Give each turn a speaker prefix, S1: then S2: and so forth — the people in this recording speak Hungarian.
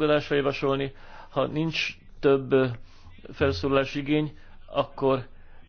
S1: elfogadásra javasolni. Ha nincs több felszólalási igény, akkor